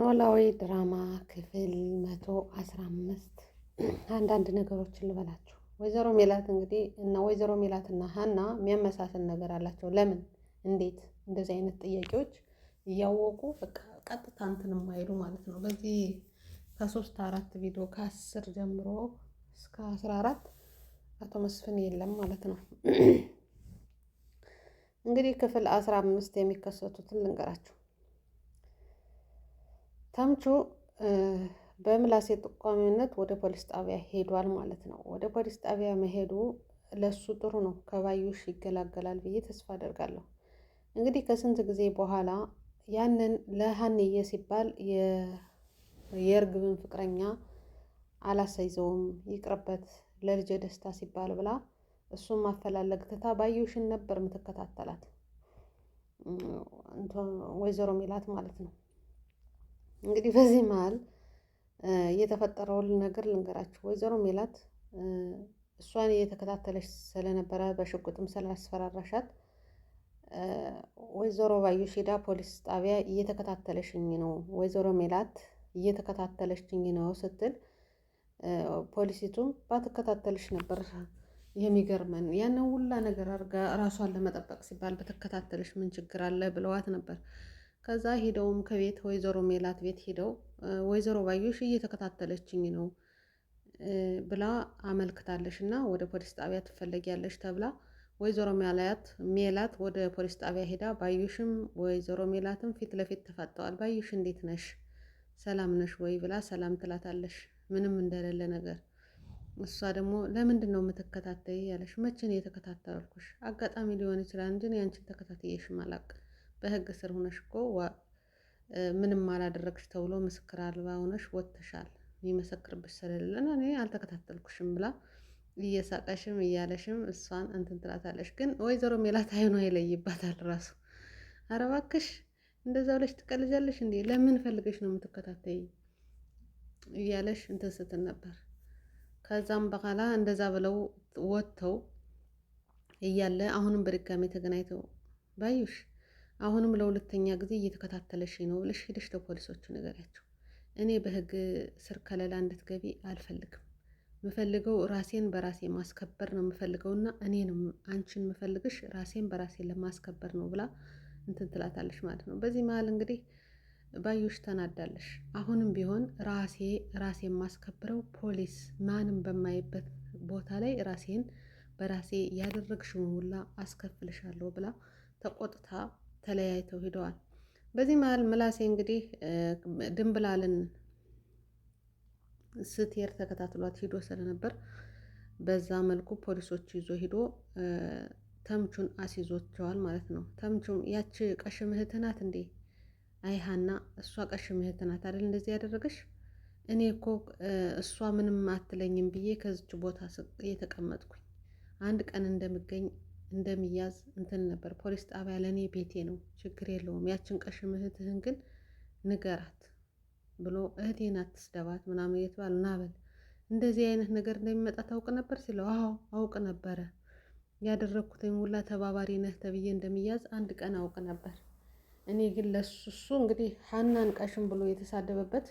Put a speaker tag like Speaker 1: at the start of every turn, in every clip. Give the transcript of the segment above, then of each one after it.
Speaker 1: ኖላዊ ድራማ ክፍል መቶ አስራ አምስት አንዳንድ ነገሮችን ልበላችሁ። ወይዘሮ ሜላት እንግዲህ እና ወይዘሮ ሜላት እና ሀና የሚያመሳስል ነገር አላቸው። ለምን እንዴት እንደዚህ አይነት ጥያቄዎች እያወቁ በቃ ቀጥታ እንትን የማይሉ ማለት ነው። በዚህ ከሶስት አራት ቪዲዮ ከአስር ጀምሮ እስከ አስራ አራት አቶ መስፍን የለም ማለት ነው። እንግዲህ ክፍል አስራ አምስት የሚከሰቱትን ልንገራችሁ። ተምቹ በምላሴ ጠቋሚነት ወደ ፖሊስ ጣቢያ ሄዷል ማለት ነው። ወደ ፖሊስ ጣቢያ መሄዱ ለሱ ጥሩ ነው፣ ከባዩሽ ይገላገላል ብዬ ተስፋ አደርጋለሁ። እንግዲህ ከስንት ጊዜ በኋላ ያንን ለሀንዬ ሲባል የእርግብን ፍቅረኛ አላሳይዘውም ይቅርበት፣ ለልጄ ደስታ ሲባል ብላ እሱም ማፈላለግ ትታ ባዩሽን ነበር የምትከታተላት ወይዘሮ ሚላት ማለት ነው። እንግዲህ በዚህ መሀል የተፈጠረውን ነገር ልንገራችሁ። ወይዘሮ ሜላት እሷን እየተከታተለች ስለነበረ በሽጉጥም ስላስፈራራሻት ወይዘሮ ባዩሽ ሄዳ ፖሊስ ጣቢያ እየተከታተለሽኝ ነው፣ ወይዘሮ ሜላት እየተከታተለሽኝ ነው ስትል ፖሊሲቱም ባትከታተልሽ ነበር የሚገርመን ያንን ሁላ ነገር አድርጋ ራሷን ለመጠበቅ ሲባል በተከታተልሽ ምን ችግር አለ ብለዋት ነበር። ከዛ ሄደውም ከቤት ወይዘሮ ሜላት ቤት ሄደው ወይዘሮ ባዮሽ እየተከታተለችኝ ነው ብላ አመልክታለሽ እና ወደ ፖሊስ ጣቢያ ትፈለጊያለሽ ተብላ ወይዘሮ ሜላት ሜላት ወደ ፖሊስ ጣቢያ ሄዳ ባዩሽም ወይዘሮ ሜላትም ፊት ለፊት ተፋጠዋል። ባዩሽ እንዴት ነሽ? ሰላም ነሽ ወይ ብላ ሰላም ትላታለሽ። ምንም እንደሌለ ነገር እሷ ደግሞ ለምንድን ነው የምትከታተይ ያለሽ? መቼ ነው የተከታተልኩሽ? አጋጣሚ ሊሆን ይችላል እንጂ ያንቺን ተከታትዬሽም አላቅም በህግ ስር ሆነሽ እኮ ምንም አላደረግሽ ተብሎ ምስክር አልባ ሆነሽ ወጥተሻል፣ የሚመሰክርብሽ ስለሌለና እኔ አልተከታተልኩሽም ብላ እየሳቀሽም እያለሽም እሷን እንትን ትላታለሽ። ግን ወይዘሮ ሜላት አይኗ ይለይባታል ራሱ። ኧረ እባክሽ እንደዛ ብለሽ ትቀልጃለሽ እንዴ? ለምን ፈልገሽ ነው የምትከታተይ? እያለሽ እንትን ስትል ነበር። ከዛም በኋላ እንደዛ ብለው ወጥተው እያለ አሁንም በድጋሚ ተገናኝተው ባዩሽ አሁንም ለሁለተኛ ጊዜ እየተከታተለሽ ነው ብለሽ ሄደሽ ለፖሊሶቹ ንገሪያቸው። እኔ በህግ ስር ከለላ እንድትገቢ አልፈልግም። ምፈልገው ራሴን በራሴ ማስከበር ነው እኔ ነው አንቺን ምፈልግሽ ራሴን በራሴ ለማስከበር ነው ብላ እንትን ትላታለሽ ማለት ነው። በዚህ መሀል እንግዲህ ባዩሽ ተናዳለሽ። አሁንም ቢሆን ራሴ ራሴ የማስከብረው ፖሊስ ማንም በማይበት ቦታ ላይ ራሴን በራሴ ያደረግሽውን ሁላ አስከፍልሻለሁ ብላ ተቆጥታ ተለያይተው ሂደዋል። በዚህ መሀል ምላሴ እንግዲህ ድንብላልን ስትሄድ ተከታትሏት ሂዶ ስለነበር በዛ መልኩ ፖሊሶች ይዞ ሂዶ ተምቹን አስይዞቸዋል ማለት ነው። ተምቹም ያቺ ቀሽም እህትህ ናት እንዴ? አይሃና እሷ ቀሽም እህትህ ናት አይደል እንደዚህ ያደረገሽ? እኔ እኮ እሷ ምንም አትለኝም ብዬ ከዚች ቦታ የተቀመጥኩኝ አንድ ቀን እንደምገኝ እንደሚያዝ እንትን ነበር። ፖሊስ ጣቢያ ለእኔ ቤቴ ነው፣ ችግር የለውም። ያችን ቀሽም እህትህን ግን ንገራት ብሎ እህቴን አትስደባት ምናምን እየተባለ ናበል እንደዚህ አይነት ነገር እንደሚመጣ ታውቅ ነበር ሲለው፣ አዎ አውቅ ነበረ። ያደረግኩትን ሁላ ተባባሪ ነህ ተብዬ እንደሚያዝ አንድ ቀን አውቅ ነበር። እኔ ግን ለሱ እሱ እንግዲህ ሀናን ቀሽም ብሎ የተሳደበበት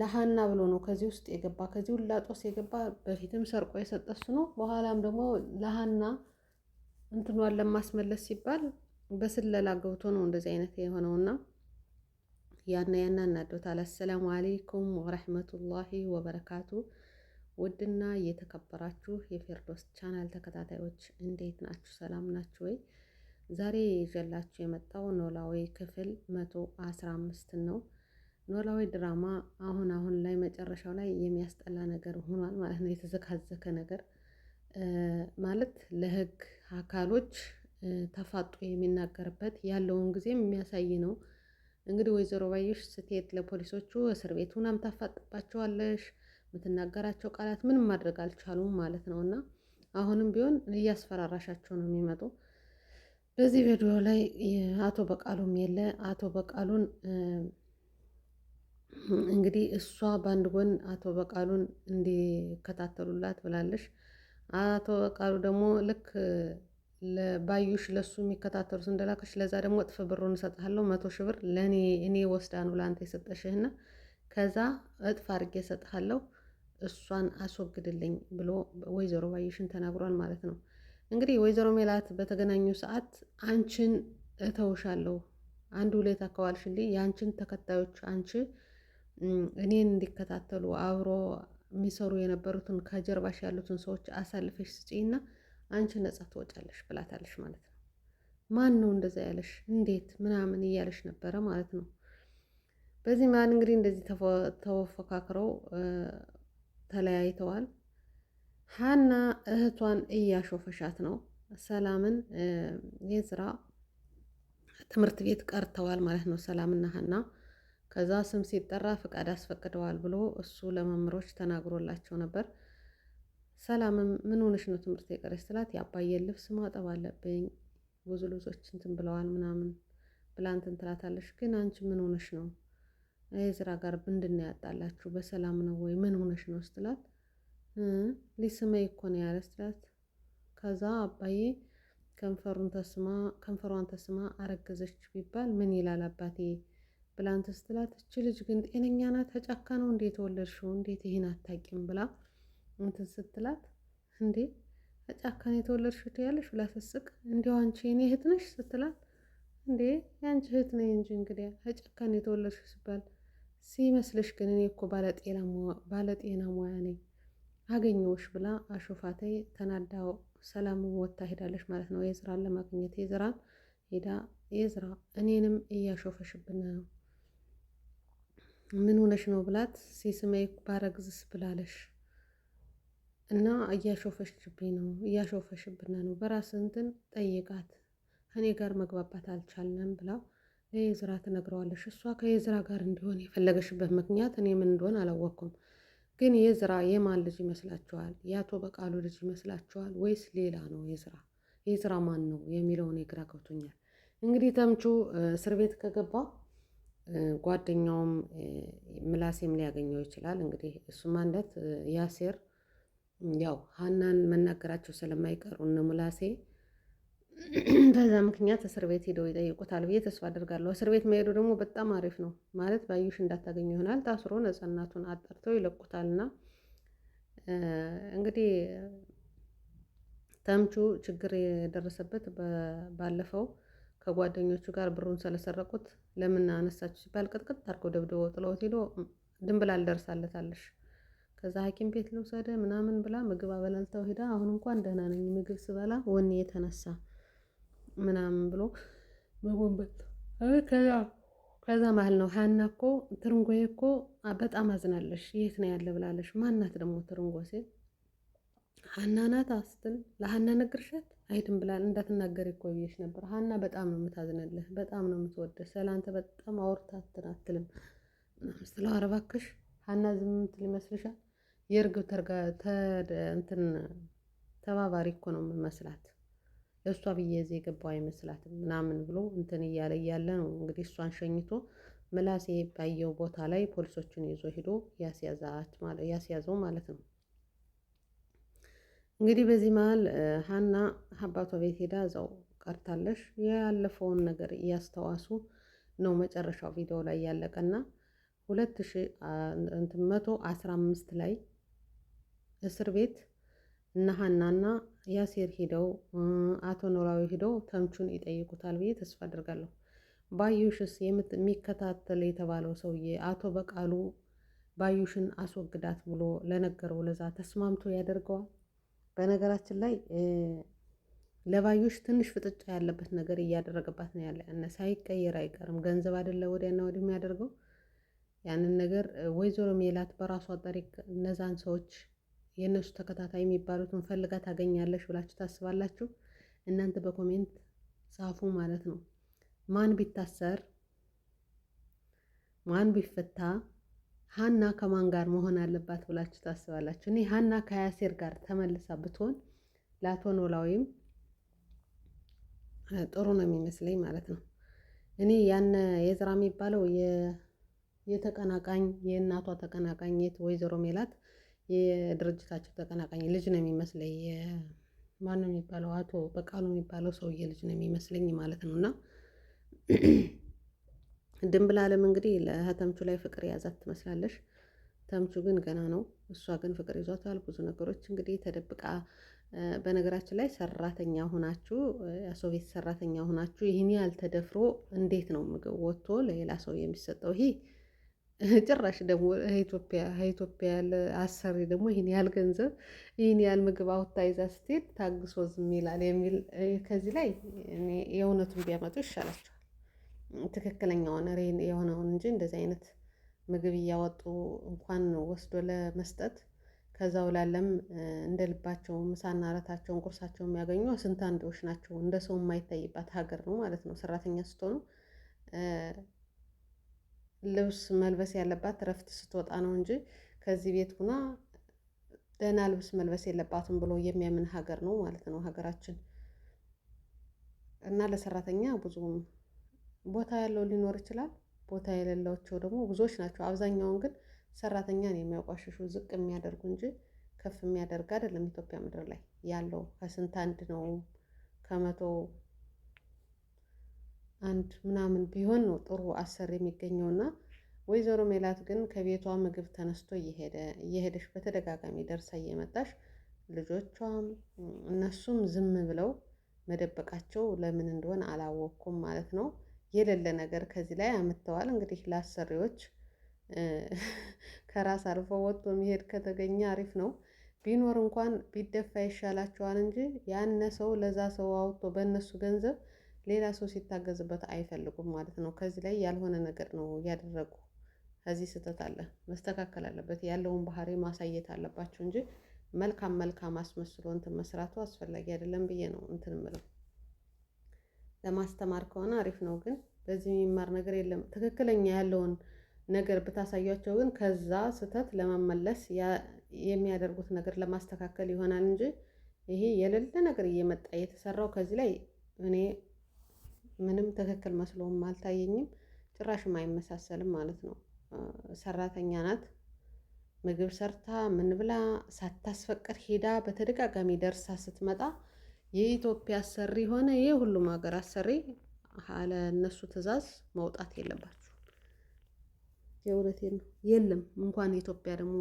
Speaker 1: ለሀና ብሎ ነው ከዚህ ውስጥ የገባ ከዚህ ሁላ ጦስ የገባ በፊትም ሰርቆ የሰጠሱ ነው። በኋላም ደግሞ ለሀና እንትኗን ለማስመለስ ሲባል በስለላ ገብቶ ነው እንደዚህ አይነት የሆነውና ያና ያና እናዶታል። አሰላሙ አሌይኩም ወረህመቱላሂ ወበረካቱ። ውድና እየተከበራችሁ የፌርዶስ ቻናል ተከታታዮች እንዴት ናችሁ? ሰላም ናችሁ ወይ? ዛሬ ይዤላችሁ የመጣው ኖላዊ ክፍል መቶ አስራ አምስት ነው። ኖላዊ ድራማ አሁን አሁን ላይ መጨረሻው ላይ የሚያስጠላ ነገር ሆኗል ማለት ነው። የተዘካዘከ ነገር ማለት ለህግ አካሎች ተፋጦ የሚናገርበት ያለውን ጊዜ የሚያሳይ ነው። እንግዲህ ወይዘሮ ባየሽ ስትሄድ ለፖሊሶቹ እስር ቤት ሁናም ታፋጥባቸዋለሽ የምትናገራቸው ቃላት ምንም ማድረግ አልቻሉም ማለት ነው። እና አሁንም ቢሆን እያስፈራራሻቸው ነው የሚመጡ። በዚህ ቪዲዮ ላይ አቶ በቃሉም የለ አቶ በቃሉን እንግዲህ እሷ በአንድ ጎን አቶ በቃሉን እንዲከታተሉላት ብላለሽ። አቶ ቃሉ ደግሞ ልክ ለባዩሽ ለሱ የሚከታተሉት እንደላከሽ ለዛ ደግሞ እጥፍ ብሩን እሰጥሃለሁ መቶ ሺህ ብር ለእኔ እኔ ወስዳ ነው ለአንተ የሰጠሽህና ከዛ እጥፍ አድርጌ እሰጥሃለሁ እሷን አስወግድልኝ ብሎ ወይዘሮ ባዩሽን ተናግሯል ማለት ነው። እንግዲህ ወይዘሮ ሜላት በተገናኙ ሰዓት አንቺን እተውሻለሁ አንድ ሁሌት አካዋልሽልኝ የአንቺን ተከታዮች አንቺ እኔን እንዲከታተሉ አብሮ የሚሰሩ የነበሩትን ከጀርባሽ ያሉትን ሰዎች አሳልፈሽ ስጪና አንቺ ነጻ ትወጫለሽ ብላታለሽ ማለት ነው። ማን ነው እንደዛ ያለሽ እንዴት ምናምን እያለሽ ነበረ ማለት ነው። በዚህ መሀል እንግዲህ እንደዚህ ተፎካክረው ተለያይተዋል። ሀና እህቷን እያሾፈሻት ነው። ሰላምን የዝራ ትምህርት ቤት ቀርተዋል ማለት ነው። ሰላምና ሀና ከዛ ስም ሲጠራ ፍቃድ አስፈቅደዋል ብሎ እሱ ለመምህሮች ተናግሮላቸው ነበር። ሰላምም ምን ሆነሽ ነው ትምህርት የቀረች ስላት የአባዬን ልብስ ማጠብ አለብኝ ብዙ ልብሶች እንትን ብለዋል ምናምን ብላ እንትን ትላታለሽ። ግን አንቺ ምን ሆነሽ ነው ስራ ጋር ምንድን ነው ያጣላችሁ? በሰላም ነው ወይ ምን ሆነሽ ነው ስትላት ሊስመኝ እኮ ነው ያለ ስትላት ከዛ አባዬ ከንፈሩን ተስማ ከንፈሯን ተስማ አረገዘች ቢባል ምን ይላል አባቴ ብላ እንትን ስትላት እች ልጅ ግን ጤነኛ ናት? ተጫካ ነው እንዴ የተወለድሽው? እንዴት ይህን አታቂም? ብላ እንትን ስትላት እንዴ ተጫካ ነው የተወለድሽው ትያለሽ? ብላ ስስቅ እንዲያው አንቺ የኔ እህት ነሽ ስትላት እንዴ የአንቺ እህት ነኝ እንጂ እንግዲያ ተጫካ ነው የተወለድሽው ሲባል ሲመስልሽ ግን እኔ እኮ ባለጤና ሙያ ነኝ አገኘሁሽ ብላ አሾፋተይ ተናዳው ሰላም ወታ ሄዳለች ማለት ነው። የዝራን ለማግኘት የዝራን ሄዳ የዝራ እኔንም እያሾፈሽብን ነው ምን ሆነሽ ነው ብላት ሴስመይ ባረግዝስ ብላለሽ እና እያሾፈሽብኝ ነው እያሾፈሽብን ነው በራስ እንትን ጠይቃት ከኔ ጋር መግባባት አልቻልንም ብላ ለየዝራ ትነግረዋለሽ። እሷ ከየዝራ ጋር እንዲሆን የፈለገሽበት ምክንያት እኔ ምን እንደሆን አላወቅኩም። ግን የዝራ የማን ልጅ ይመስላችኋል? የአቶ በቃሉ ልጅ ይመስላችኋል ወይስ ሌላ ነው? የዝራ የዝራ ማን ነው የሚለውን የግራ ገብቶኛል። እንግዲህ ተምቹ እስር ቤት ከገባ ጓደኛውም ምላሴም ሊያገኘው ይችላል። እንግዲህ እሱ ማለት ያሴር ያው ሀናን መናገራቸው ስለማይቀሩ እነ ምላሴ በዛ ምክንያት እስር ቤት ሄደው ይጠይቁታል ብዬ ተስፋ አደርጋለሁ። እስር ቤት መሄዱ ደግሞ በጣም አሪፍ ነው ማለት ባዩሽ እንዳታገኙ ይሆናል። ታስሮ ነፃነቱን አጣርተው ይለቁታልና እንግዲህ ተምቹ ችግር የደረሰበት ባለፈው ከጓደኞቹ ጋር ብሩን ስለሰረቁት ለምን አነሳችሁ ሲባል ቅጥቅጥ አድርጎ ደብድቦ ጥሎት ሄዶ ድንብላል ደርሳለታለሽ። ከዛ ሐኪም ቤት ልውሰደ ምናምን ብላ ምግብ አበላልተው ሄዳ አሁን እንኳን ደህና ነኝ ምግብ ስበላ ወኔ የተነሳ ምናምን ብሎ መጎንበት ከዛ ከዛ መሀል ነው ሀና እኮ ትርንጎዬ እኮ በጣም አዝናለሽ የት ነው ያለ ብላለሽ። ማናት ደግሞ ትርንጎ ሲል ሀና ናት ስትል ለሀና ነግርሻት አይድም ብላን እንዳትናገር እኮ ብዬሽ ነበር። ሀና በጣም ነው የምታዝንልህ፣ በጣም ነው የምትወደህ። ስለአንተ በጣም አውርታ አትልም ስትለው፣ ኧረ እባክሽ ሀና ዝም የምትል ይመስልሻል? የእርግብ እንትን ተባባሪ እኮ ነው የምመስላት እሷ ብዬ እዚህ የገባው አይመስላትም ምናምን ብሎ እንትን እያለ እያለ ነው እንግዲህ እሷን ሸኝቶ ምላሴ ባየው ቦታ ላይ ፖሊሶችን ይዞ ሄዶ ያስያዛት ያስያዘው ማለት ነው። እንግዲህ በዚህ መሀል ሀና አባቷ ቤት ሄዳ እዛው ቀርታለሽ። ያለፈውን ነገር እያስተዋሱ ነው መጨረሻው ቪዲዮ ላይ ያለቀና ሁለት ሺ መቶ አስራ አምስት ላይ እስር ቤት እነ ሀናና ያሴር ሂደው አቶ ኖላዊ ሂደው ተምቹን ይጠይቁታል ብዬ ተስፋ አድርጋለሁ። ባዩሽስ የሚከታተል የተባለው ሰውዬ አቶ በቃሉ ባዩሽን አስወግዳት ብሎ ለነገረው ለዛ ተስማምቶ ያደርገዋል። በነገራችን ላይ ለባዮች ትንሽ ፍጥጫ ያለበት ነገር እያደረገባት ነው ያለ እና ሳይቀየር አይቀርም። ገንዘብ አይደለ ወዲያና ወዲህ የሚያደርገው ያንን ነገር ወይዘሮ ሜላት በራሷ ጠሪቅ እነዛን ሰዎች የእነሱ ተከታታይ የሚባሉትን ፈልጋ ታገኛለሽ ብላችሁ ታስባላችሁ? እናንተ በኮሜንት ጻፉ ማለት ነው። ማን ቢታሰር ማን ቢፈታ ሀና ከማን ጋር መሆን አለባት ብላችሁ ታስባላችሁ? እኔ ሀና ከያሴር ጋር ተመልሳ ብትሆን ለአቶ ኖላዊም ጥሩ ነው የሚመስለኝ ማለት ነው። እኔ ያነ የዝራ የሚባለው የተቀናቃኝ የእናቷ ተቀናቃኝ ወይዘሮ ሜላት የድርጅታቸው ተቀናቃኝ ልጅ ነው የሚመስለኝ። ነው የሚባለው አቶ በቃሉ የሚባለው ሰውዬ ልጅ ነው የሚመስለኝ ማለት ነው እና ድንብላለም እንግዲህ ለተምቹ ላይ ፍቅር የያዛት ትመስላለች። ተምቹ ግን ገና ነው። እሷ ግን ፍቅር ይዟታል። ብዙ ነገሮች እንግዲህ ተደብቃ በነገራችን ላይ ሰራተኛ ሆናችሁ ቤት ሰራተኛ ሆናችሁ ይህን ያህል ተደፍሮ እንዴት ነው ምግብ ወጥቶ ለሌላ ሰው የሚሰጠው? ይሄ ጭራሽ ደግሞ ኢትዮጵያ ኢትዮጵያ ያለ አሰሪ ደግሞ ይህን ያህል ገንዘብ ይህን ያህል ምግብ አውታ ይዛ ስትሄድ ታግሶ ዝም ይላል የሚል ከዚህ ላይ የእውነቱን ቢያመጡ ይሻላቸዋል። ትክክለኛውን ሬን የሆነውን እንጂ እንደዚህ አይነት ምግብ እያወጡ እንኳን ወስዶ ለመስጠት ከዛው ላለም እንደ ልባቸው ምሳና እራታቸውን ቁርሳቸው የሚያገኙ ስንት አንዶች ናቸው። እንደ ሰው የማይታይባት ሀገር ነው ማለት ነው። ሰራተኛ ስትሆኑ ልብስ መልበስ ያለባት እረፍት ስትወጣ ነው እንጂ ከዚህ ቤት ሁና ደህና ልብስ መልበስ የለባትም ብሎ የሚያምን ሀገር ነው ማለት ነው ሀገራችን እና ለሰራተኛ ብዙም ቦታ ያለው ሊኖር ይችላል። ቦታ የሌላቸው ደግሞ ብዙዎች ናቸው። አብዛኛውን ግን ሰራተኛን የሚያቋሽሹ ዝቅ የሚያደርጉ እንጂ ከፍ የሚያደርግ አይደለም። ኢትዮጵያ ምድር ላይ ያለው ከስንት አንድ ነው ከመቶ አንድ ምናምን ቢሆን ነው ጥሩ የሚገኘው እና ወይዘሮ ሜላት ግን ከቤቷ ምግብ ተነስቶ እየሄደ እየሄደሽ በተደጋጋሚ ደርሳ እየመጣሽ ልጆቿም እነሱም ዝም ብለው መደበቃቸው ለምን እንደሆነ አላወቅኩም ማለት ነው። የሌለ ነገር ከዚህ ላይ አምጥተዋል። እንግዲህ ለአሰሪዎች ከራስ አልፎ ወጥቶ መሄድ ከተገኘ አሪፍ ነው። ቢኖር እንኳን ቢደፋ ይሻላቸዋል እንጂ ያነ ሰው ለዛ ሰው አውጥቶ በእነሱ ገንዘብ ሌላ ሰው ሲታገዝበት አይፈልጉም ማለት ነው። ከዚህ ላይ ያልሆነ ነገር ነው እያደረጉ። ከዚህ ስህተት አለ፣ መስተካከል አለበት። ያለውን ባህሪ ማሳየት አለባቸው እንጂ መልካም መልካም አስመስሎ እንትን መስራቱ አስፈላጊ አይደለም ብዬ ነው እንትን ምለው። ለማስተማር ከሆነ አሪፍ ነው። ግን በዚህ የሚማር ነገር የለም። ትክክለኛ ያለውን ነገር ብታሳያቸው ግን ከዛ ስህተት ለመመለስ የሚያደርጉት ነገር ለማስተካከል ይሆናል እንጂ ይሄ የሌለ ነገር እየመጣ እየተሰራው ከዚህ ላይ እኔ ምንም ትክክል መስሎም አልታየኝም። ጭራሽም አይመሳሰልም ማለት ነው። ሰራተኛ ናት። ምግብ ሰርታ ምን ብላ ሳታስፈቅድ ሄዳ በተደጋጋሚ ደርሳ ስትመጣ የኢትዮጵያ አሰሪ ሆነ የሁሉም ሀገር አሰሪ አለ እነሱ ትዕዛዝ መውጣት የለባችሁም። የእውነቴ ነው። የለም እንኳን የኢትዮጵያ ደግሞ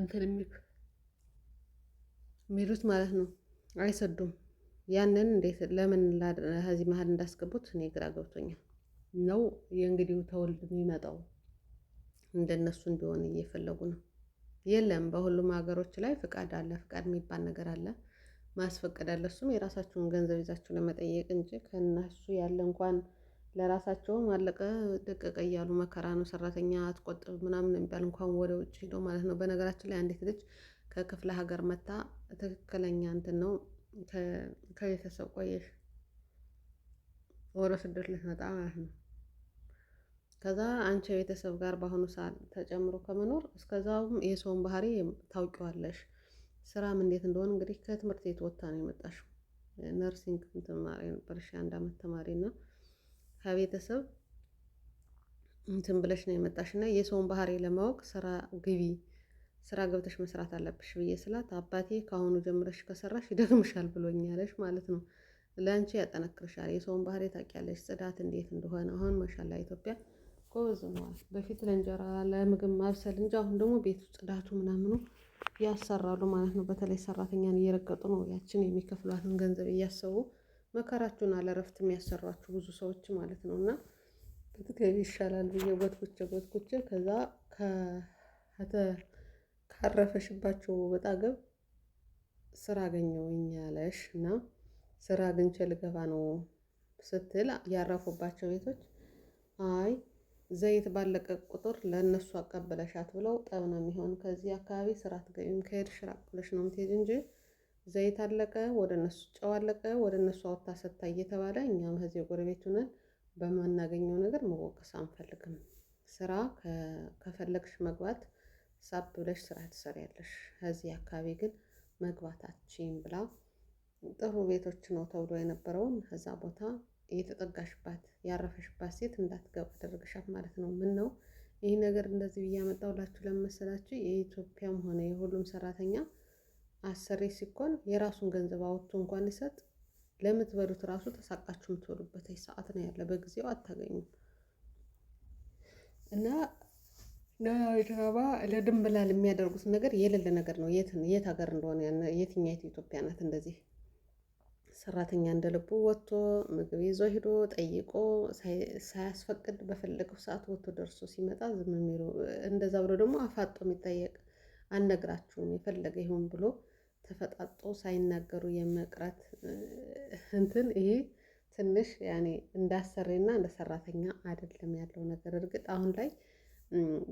Speaker 1: እንትን የሚሉት ማለት ነው አይሰዱም። ያንን እንዴት ለምን ከዚህ መሀል እንዳስገቡት እኔ ግራ ገብቶኛል። ነው የእንግዲህ ተወልድ የሚመጣው እንደነሱ እንዲሆን እየፈለጉ ነው። የለም በሁሉም ሀገሮች ላይ ፍቃድ አለ። ፍቃድ የሚባል ነገር አለ። ማስፈቀድ አለ። እሱም የራሳችሁን ገንዘብ ይዛችሁ ለመጠየቅ እንጂ ከእነሱ ያለ እንኳን ለራሳቸውም አለቀ ደቀቀ እያሉ መከራ ነው። ሰራተኛ አትቆጥብ ምናምን የሚባል እንኳን ወደ ውጭ ሄዶ ማለት ነው። በነገራችን ላይ አንዲት ልጅ ከክፍለ ሀገር መታ ትክክለኛ እንትን ነው ከቤተሰብ ቆየሽ ወደ ስደት ልትመጣ ማለት ነው። ከዛ አንቺ ቤተሰብ ጋር በአሁኑ ሰዓት ተጨምሮ ከመኖር እስከዛውም የሰውን ባህሪ ታውቂዋለሽ። ስራም እንዴት እንደሆነ እንግዲህ ከትምህርት ቤት ወጥታ ነው የመጣሽው። ነርሲንግ ትማሪ ነበርሽ አንድ አመት ተማሪ እና ከቤተሰብ እንትን ብለሽ ነው የመጣሽ እና የሰውን ባህሪ ለማወቅ ስራ ግቢ ስራ ገብተሽ መስራት አለብሽ ብዬ ስላት አባቴ ከአሁኑ ጀምረሽ ከሰራሽ ይደግምሻል ብሎኛለሽ ማለት ነው። ለአንቺ ያጠነክርሻል። የሰውን ባህሪ ታውቂያለሽ፣ ጽዳት እንዴት እንደሆነ። አሁን ማሻላ ኢትዮጵያ ጎበዝ ነዋል። በፊት ለእንጀራ ለምግብ ማብሰል እንጂ አሁን ደግሞ ቤቱ ጽዳቱ ምናምኑ ያሰራሉ ማለት ነው። በተለይ ሰራተኛን እየረገጡ ነው ያችን የሚከፍሏትን ገንዘብ እያሰቡ መከራችሁን አለረፍት የሚያሰሯችሁ ብዙ ሰዎች ማለት ነው። እና ብትገቢ ይሻላል ብዬ ጎትኩቼ ጎትኩቼ ከዛ ካረፈሽባቸው በጣገብ ስራ አገኘሁኝ አለሽ እና ስራ አግኝቼ ልገባ ነው ስትል ያረፉባቸው ቤቶች አይ ዘይት ባለቀ ቁጥር ለእነሱ አቀበለሻት ብለው ጠብ ነው የሚሆን። ከዚህ አካባቢ ስራ አትገቢም፣ ከሄድሽ ራቅ ብለሽ ነው የምትሄጂ እንጂ ዘይት አለቀ፣ ወደ እነሱ ጨው አለቀ፣ ወደ እነሱ አውታ ሰታ እየተባለ እኛም ከዚህ ጎረቤት በማናገኘው ነገር መወቀስ አንፈልግም። ስራ ከፈለግሽ መግባት ሳብ ብለሽ ስራ ትሰሪያለሽ። ከዚህ አካባቢ ግን መግባታችን ብላ ጥሩ ቤቶች ነው ተብሎ የነበረውን ከዛ ቦታ የተጠጋሽባት ያረፈሽባት ሴት እንዳትገባ አደረግሻት ማለት ነው። ምን ነው ይህ ነገር እንደዚህ ብያመጣውላችሁ ለመሰላችሁ የኢትዮጵያም ሆነ የሁሉም ሰራተኛ አሰሪ ሲኮን የራሱን ገንዘብ አውጥቶ እንኳን ይሰጥ ለምትበሉት ራሱ ተሳቃችሁ የምትበሉበት ሰዓት ነው ያለ። በጊዜው አታገኙም እና ኖላዊ ለድንብላል የሚያደርጉት ነገር የሌለ ነገር ነው። የት ሀገር እንደሆነ የትኛይቱ ኢትዮጵያ ናት እንደዚህ ሰራተኛ እንደልቡ ወጥቶ ምግብ ይዞ ሂዶ ጠይቆ ሳያስፈቅድ በፈለገው ሰዓት ወጥቶ ደርሶ ሲመጣ ዝም የሚሉ እንደዛ ብሎ ደግሞ አፋጦ የሚጠየቅ አልነግራችሁም የፈለገ ይሁን ብሎ ተፈጣጦ ሳይናገሩ የመቅረት እንትን ይሄ ትንሽ ያኔ እንዳሰሪና እንደ ሰራተኛ አይደለም ያለው ነገር። እርግጥ አሁን ላይ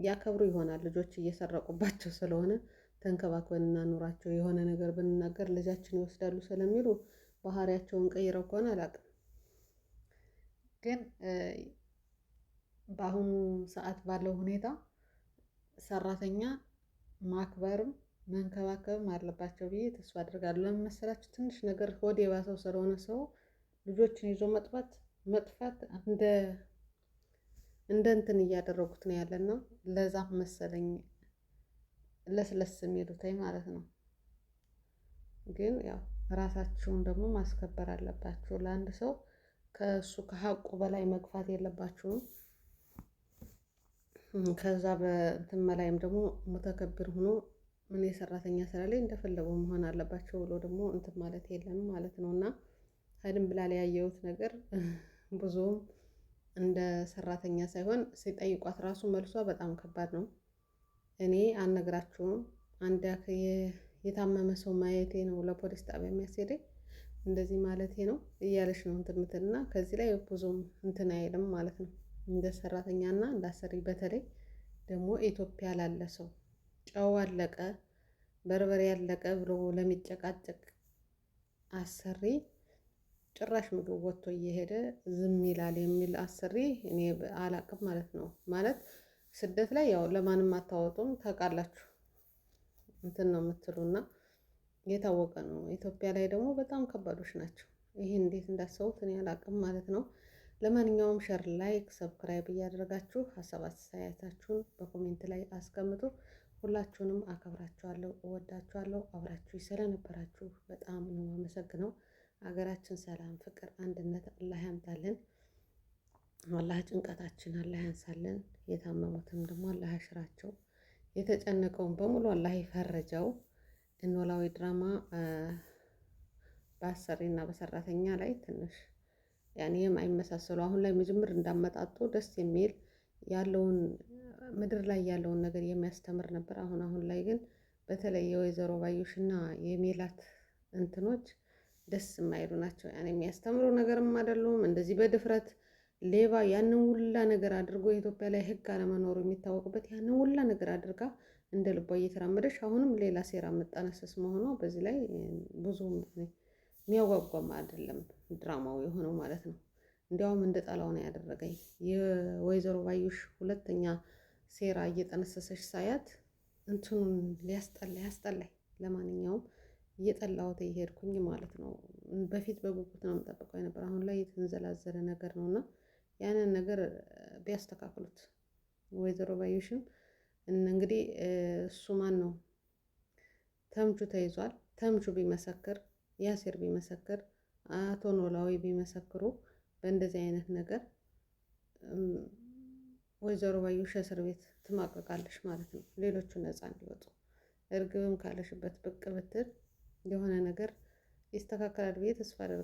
Speaker 1: ያከብሩ ይሆናል ልጆች እየሰረቁባቸው ስለሆነ ተንከባክበን እናኑራቸው የሆነ ነገር ብንናገር ልጃችን ይወስዳሉ ስለሚሉ ባህሪያቸውን ቀይረው ከሆነ አላውቅም። ግን በአሁኑ ሰዓት ባለው ሁኔታ ሰራተኛ ማክበርም መንከባከብም አለባቸው ብዬ ተስፋ አድርጋለሁ። ለምን መሰላችሁ? ትንሽ ነገር ሆድ የባሰው ስለሆነ ሰው ልጆችን ይዞ መጥፋት መጥፋት እንደ እንደ እንትን እያደረጉት ነው ያለና ለዛም መሰለኝ ለስለስ የሚሉት ማለት ነው ግን ያው ራሳችሁን ደግሞ ማስከበር አለባችሁ። ለአንድ ሰው ከእሱ ከሀቁ በላይ መግፋት የለባችሁም። ከዛ በእንትን መላይም ደግሞ ሙተከብር ሆኖ እኔ ሰራተኛ ስራ ላይ እንደፈለጉ መሆን አለባቸው ብሎ ደግሞ እንትን ማለት የለም ማለት ነው። እና ከድም ብላ ላይ ያየሁት ነገር ብዙም እንደ ሰራተኛ ሳይሆን ሲጠይቋት ራሱ መልሷ በጣም ከባድ ነው። እኔ አልነግራችሁም አንድ የታመመ ሰው ማየቴ ነው ለፖሊስ ጣቢያ የሚያስሄደኝ እንደዚህ ማለቴ ነው እያለች ነው እንትን ከዚህ ላይ ብዙም እንትን አይልም ማለት ነው። እንደ ሰራተኛና እንደ አሰሪ በተለይ ደግሞ ኢትዮጵያ ላለ ሰው ጨው አለቀ በርበሬ ያለቀ ብሎ ለሚጨቃጨቅ አሰሪ ጭራሽ ምግብ ወጥቶ እየሄደ ዝም ይላል የሚል አሰሪ እኔ አላቅም ማለት ነው። ማለት ስደት ላይ ያው ለማንም አታወጡም ታውቃላችሁ። እንትን ነው የምትሉና የታወቀ ነው። ኢትዮጵያ ላይ ደግሞ በጣም ከባዶች ናቸው። ይሄ እንዴት እንዳሰቡት እኔ አላቅም ማለት ነው። ለማንኛውም ሸር፣ ላይክ፣ ሰብስክራይብ እያደረጋችሁ ሀሳብ አስተያየታችሁን በኮሜንት ላይ አስቀምጡ። ሁላችሁንም አከብራችኋለሁ፣ እወዳችኋለሁ። አብራችሁ ስለነበራችሁ በጣም ነው የማመሰግነው። ሀገራችን ሰላም፣ ፍቅር፣ አንድነት አላህ ያምጣልን። አላህ ጭንቀታችን አላህ ያንሳልን። የታመሙትም ደግሞ አላህ ያሽራቸው። የተጨነቀውን በሙሉ አላህ ይፈረጀው። ኖላዊ ድራማ በአሰሪና በሰራተኛ ላይ ትንሽ ያኔ የማይመሳሰሉ አሁን ላይ መጀመር እንዳመጣጡ ደስ የሚል ያለውን ምድር ላይ ያለውን ነገር የሚያስተምር ነበር። አሁን አሁን ላይ ግን በተለይ የወይዘሮ ባዩሽና የሜላት እንትኖች ደስ የማይሉ ናቸው። ያኔ የሚያስተምሩ ነገርም አይደሉም። እንደዚህ በድፍረት ሌባ ያንን ሁላ ነገር አድርጎ የኢትዮጵያ ላይ ህግ አለመኖሩ የሚታወቅበት ያንን ሁላ ነገር አድርጋ እንደ ልቧ እየተራመደች አሁንም ሌላ ሴራ መጣነሰስ መሆኗ በዚህ ላይ ብዙም የሚያጓጓም አይደለም ድራማው የሆነው ማለት ነው። እንዲያውም እንደ ጠላው ነው ያደረገኝ። የወይዘሮ ባዩሽ ሁለተኛ ሴራ እየጠነሰሰች ሳያት እንትኑን ሊያስጠላ ያስጠላይ። ለማንኛውም እየጠላሁት እየሄድኩኝ ማለት ነው። በፊት በጉጉት ነው የምጠብቀው የነበር፣ አሁን ላይ የተንዘላዘለ ነገር ነውና ያንን ነገር ቢያስተካክሉት ወይዘሮ ባዩሽም እንግዲህ እሱ ማን ነው ተምቹ ተይዟል። ተምቹ ቢመሰክር ያሴር ቢመሰክር አቶ ኖላዊ ቢመሰክሩ በእንደዚህ አይነት ነገር ወይዘሮ ባዩሽ እስር ቤት ትማቀቃለሽ ማለት ነው። ሌሎቹ ነፃ እንዲወጡ እርግብም ካለሽበት ብቅ ብትል የሆነ ነገር ይስተካከላል ብዬ ተስፋ አደርጋለሁ።